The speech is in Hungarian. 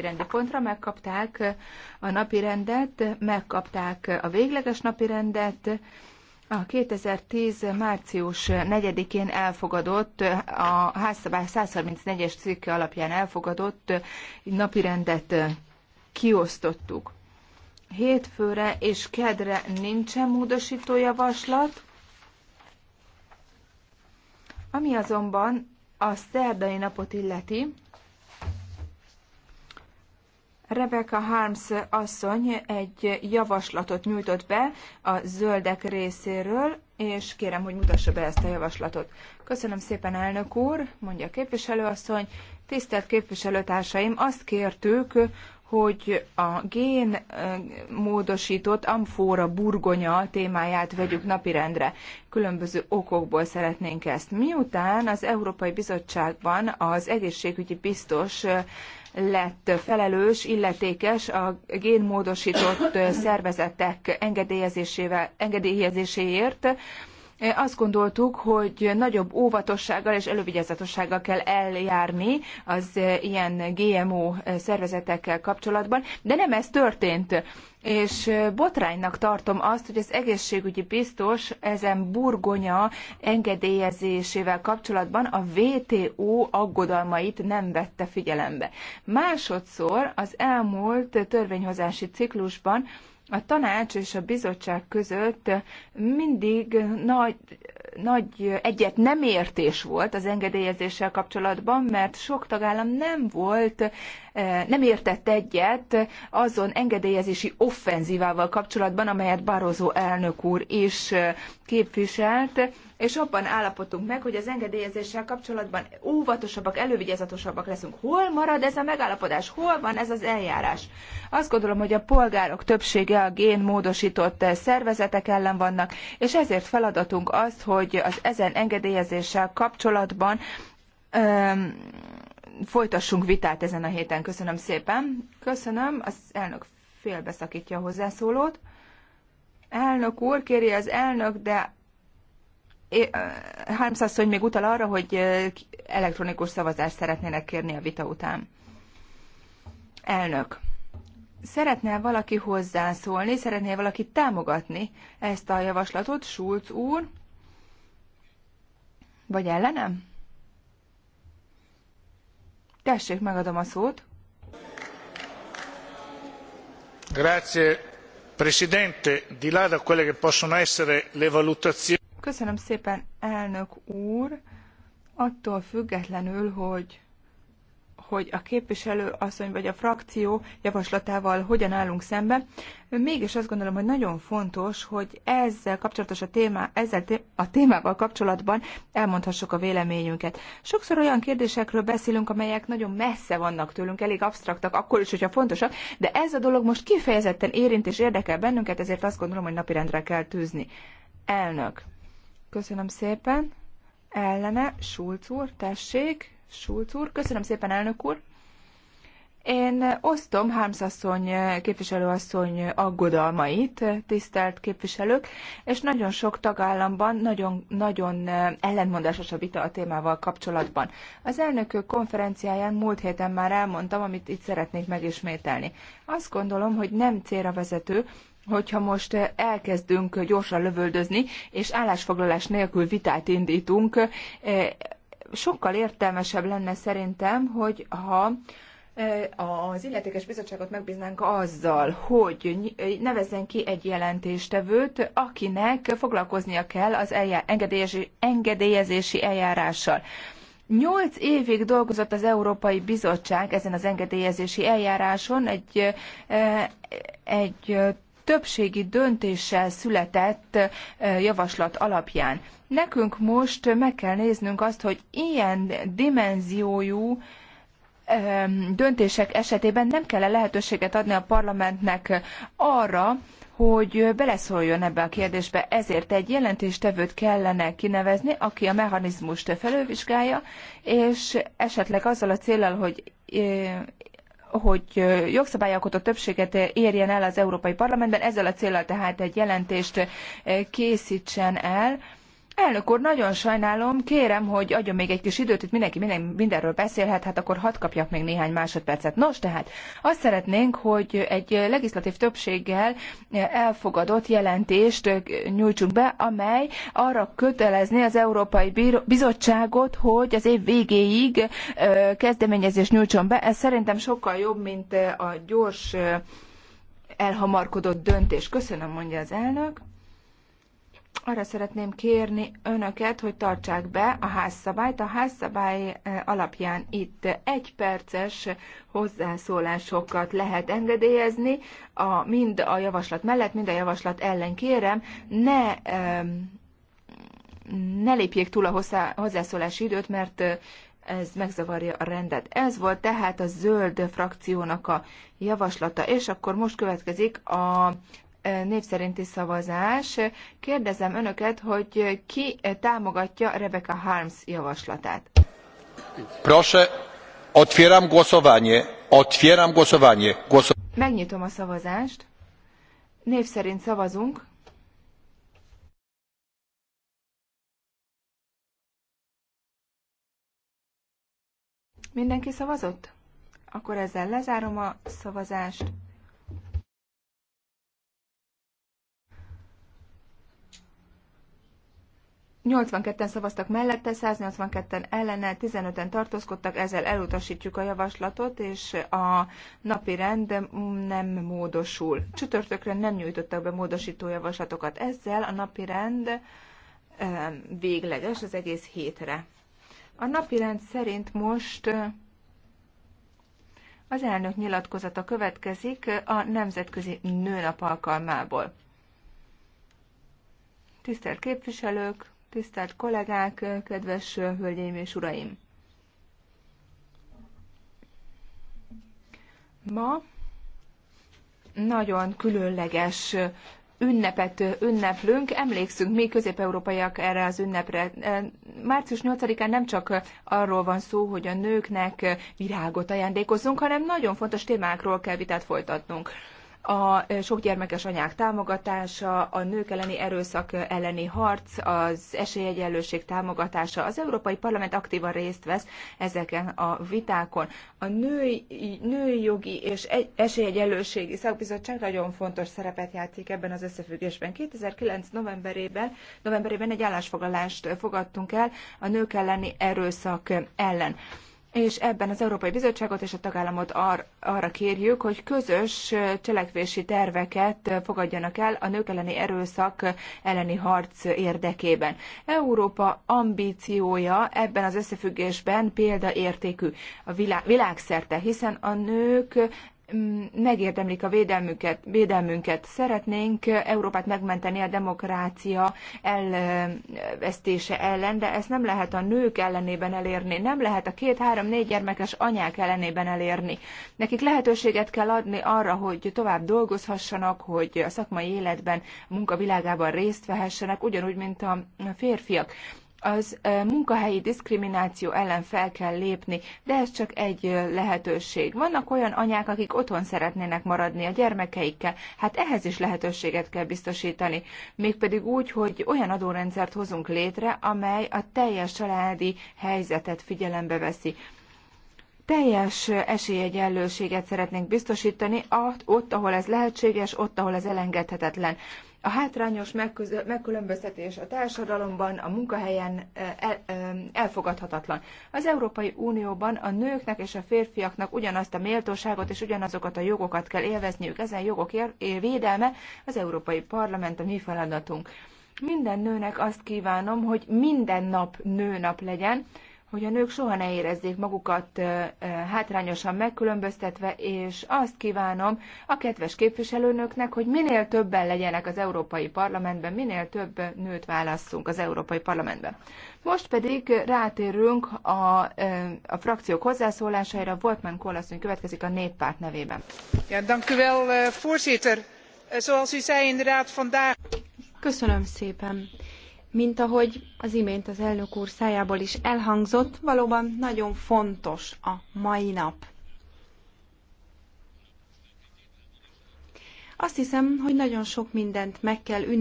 rendi pontra, megkapták a rendet, megkapták a végleges rendet, a 2010. március 4-én elfogadott, a házszabály 134-es cikke alapján elfogadott rendet kiosztottuk. Hétfőre és kedre nincsen módosító javaslat, ami azonban a szerdai napot illeti, Rebecca Harms asszony egy javaslatot nyújtott be a zöldek részéről, és kérem, hogy mutassa be ezt a javaslatot. Köszönöm szépen, elnök úr, mondja a képviselőasszony. Tisztelt képviselőtársaim, azt kértük, hogy a gén módosított amfóra burgonya témáját vegyük napirendre. Különböző okokból szeretnénk ezt. Miután az Európai Bizottságban az egészségügyi biztos lett felelős, illetékes a génmódosított szervezetek engedélyezésével, engedélyezéséért, azt gondoltuk, hogy nagyobb óvatossággal és elővigyázatossággal kell eljárni az ilyen GMO szervezetekkel kapcsolatban, de nem ez történt. És botránynak tartom azt, hogy az egészségügyi biztos ezen burgonya engedélyezésével kapcsolatban a WTO aggodalmait nem vette figyelembe. Másodszor az elmúlt törvényhozási ciklusban a tanács és a bizottság között mindig nagy, nagy egyet nem értés volt az engedélyezéssel kapcsolatban, mert sok tagállam nem volt E, nem értett egyet azon engedélyezési offenzívával kapcsolatban, amelyet Barroso elnök úr is e, képviselt, és abban állapodtunk meg, hogy az engedélyezéssel kapcsolatban óvatosabbak, elővigyázatosabbak leszünk. Hol marad ez a megállapodás? Hol van ez az eljárás? Azt gondolom, hogy a polgárok többsége a génmódosított szervezetek ellen vannak, és ezért feladatunk az, hogy az ezen engedélyezéssel kapcsolatban folytassunk vitát ezen a héten. Köszönöm szépen. Köszönöm. Az elnök félbeszakítja a hozzászólót. Elnök úr, kéri az elnök, de Harms hogy még utal arra, hogy elektronikus szavazást szeretnének kérni a vita után. Elnök, szeretne valaki hozzászólni, szeretné valaki támogatni ezt a javaslatot, Schulz úr? Vagy ellenem? Tessék, megadom a szót. Grazie, Presidente. Di là da quelle che possono essere le valutazioni. Köszönöm szépen, elnök úr. Attól függetlenül, hogy hogy a képviselő asszony vagy a frakció javaslatával hogyan állunk szembe. Mégis azt gondolom, hogy nagyon fontos, hogy ezzel kapcsolatos a téma, ezzel a témával kapcsolatban elmondhassuk a véleményünket. Sokszor olyan kérdésekről beszélünk, amelyek nagyon messze vannak tőlünk, elég absztraktak, akkor is, hogyha fontosak, de ez a dolog most kifejezetten érint és érdekel bennünket, ezért azt gondolom, hogy napirendre kell tűzni. Elnök. Köszönöm szépen. Ellene, Schulz úr, tessék. Schulz úr. Köszönöm szépen, elnök úr. Én osztom Hámszasszony képviselőasszony aggodalmait, tisztelt képviselők, és nagyon sok tagállamban nagyon, nagyon ellentmondásos a vita a témával kapcsolatban. Az elnökök konferenciáján múlt héten már elmondtam, amit itt szeretnék megismételni. Azt gondolom, hogy nem célra vezető, hogyha most elkezdünk gyorsan lövöldözni, és állásfoglalás nélkül vitát indítunk sokkal értelmesebb lenne szerintem, hogy ha e, az illetékes bizottságot megbíznánk azzal, hogy e, nevezzen ki egy jelentéstevőt, akinek foglalkoznia kell az engedélyezési, engedélyezési eljárással. Nyolc évig dolgozott az Európai Bizottság ezen az engedélyezési eljáráson, egy, e, egy többségi döntéssel született javaslat alapján. Nekünk most meg kell néznünk azt, hogy ilyen dimenziójú döntések esetében nem kell -e lehetőséget adni a parlamentnek arra, hogy beleszóljon ebbe a kérdésbe. Ezért egy jelentéstevőt kellene kinevezni, aki a mechanizmust felülvizsgálja, és esetleg azzal a célral, hogy hogy jogszabályalkotó többséget érjen el az Európai Parlamentben, ezzel a céllal tehát egy jelentést készítsen el, Elnök úr, nagyon sajnálom, kérem, hogy adjon még egy kis időt, itt mindenki minden, mindenről beszélhet, hát akkor hadd kapjak még néhány másodpercet. Nos, tehát azt szeretnénk, hogy egy legislatív többséggel elfogadott jelentést nyújtsunk be, amely arra kötelezni az Európai Bizottságot, hogy az év végéig kezdeményezést nyújtson be. Ez szerintem sokkal jobb, mint a gyors elhamarkodott döntés. Köszönöm, mondja az elnök arra szeretném kérni önöket, hogy tartsák be a házszabályt. A házszabály eh, alapján itt egy perces hozzászólásokat lehet engedélyezni, a, mind a javaslat mellett, mind a javaslat ellen kérem, ne ne lépjék túl a hozzászólási időt, mert eh, ez megzavarja a rendet. Ez volt tehát a zöld frakciónak a javaslata, és akkor most következik a név szerinti szavazás. Kérdezem önöket, hogy ki támogatja Rebecca Harms javaslatát. Proszę, otwieram głosowanie. Otwieram głosowanie. Głosu... Megnyitom a szavazást. Név szerint szavazunk. Mindenki szavazott? Akkor ezzel lezárom a szavazást. 82-en szavaztak mellette, 182-en ellene, 15-en tartózkodtak, ezzel elutasítjuk a javaslatot, és a napi rend nem módosul. Csütörtökre nem nyújtottak be módosító javaslatokat. Ezzel a napi rend végleges az egész hétre. A napi rend szerint most az elnök nyilatkozata következik a Nemzetközi Nőnap alkalmából. Tisztelt képviselők! tisztelt kollégák, kedves hölgyeim és uraim! Ma nagyon különleges ünnepet ünneplünk, emlékszünk mi közép-európaiak erre az ünnepre. Március 8-án nem csak arról van szó, hogy a nőknek virágot ajándékozzunk, hanem nagyon fontos témákról kell vitát folytatnunk a sokgyermekes anyák támogatása, a nők elleni erőszak elleni harc, az esélyegyenlőség támogatása. Az Európai Parlament aktívan részt vesz ezeken a vitákon. A női, női jogi és e-, esélyegyenlőségi szakbizottság nagyon fontos szerepet játszik ebben az összefüggésben. 2009. novemberében, novemberében egy állásfoglalást fogadtunk el a nők elleni erőszak ellen és ebben az Európai Bizottságot és a tagállamot ar- arra kérjük, hogy közös cselekvési terveket fogadjanak el a nők elleni erőszak elleni harc érdekében. Európa ambíciója ebben az összefüggésben példaértékű a világ, világszerte, hiszen a nők megérdemlik a védelmüket, védelmünket. Szeretnénk Európát megmenteni a demokrácia elvesztése ellen, de ezt nem lehet a nők ellenében elérni, nem lehet a két-három-négy gyermekes anyák ellenében elérni. Nekik lehetőséget kell adni arra, hogy tovább dolgozhassanak, hogy a szakmai életben, a munkavilágában részt vehessenek, ugyanúgy, mint a férfiak az munkahelyi diszkrimináció ellen fel kell lépni, de ez csak egy lehetőség. Vannak olyan anyák, akik otthon szeretnének maradni a gyermekeikkel, hát ehhez is lehetőséget kell biztosítani. Mégpedig úgy, hogy olyan adórendszert hozunk létre, amely a teljes családi helyzetet figyelembe veszi teljes esélyegyenlőséget szeretnénk biztosítani, ott, ahol ez lehetséges, ott, ahol ez elengedhetetlen. A hátrányos megkülönböztetés a társadalomban, a munkahelyen e, elfogadhatatlan. Az Európai Unióban a nőknek és a férfiaknak ugyanazt a méltóságot és ugyanazokat a jogokat kell élvezniük. Ezen jogok védelme az Európai Parlament a mi feladatunk. Minden nőnek azt kívánom, hogy minden nap nőnap legyen, hogy a nők soha ne érezzék magukat hátrányosan megkülönböztetve, és azt kívánom a kedves képviselőnöknek, hogy minél többen legyenek az Európai Parlamentben, minél több nőt válasszunk az Európai Parlamentben. Most pedig rátérünk a, a frakciók hozzászólásaira. Voltman Kolaszony következik a néppárt nevében. Ja, dank u wel, eh, voorzitter. Eh, zoals u zei, inderdaad vandaag... Köszönöm szépen. Mint ahogy az imént az elnök úr szájából is elhangzott, valóban nagyon fontos a mai nap. Azt hiszem, hogy nagyon sok mindent meg kell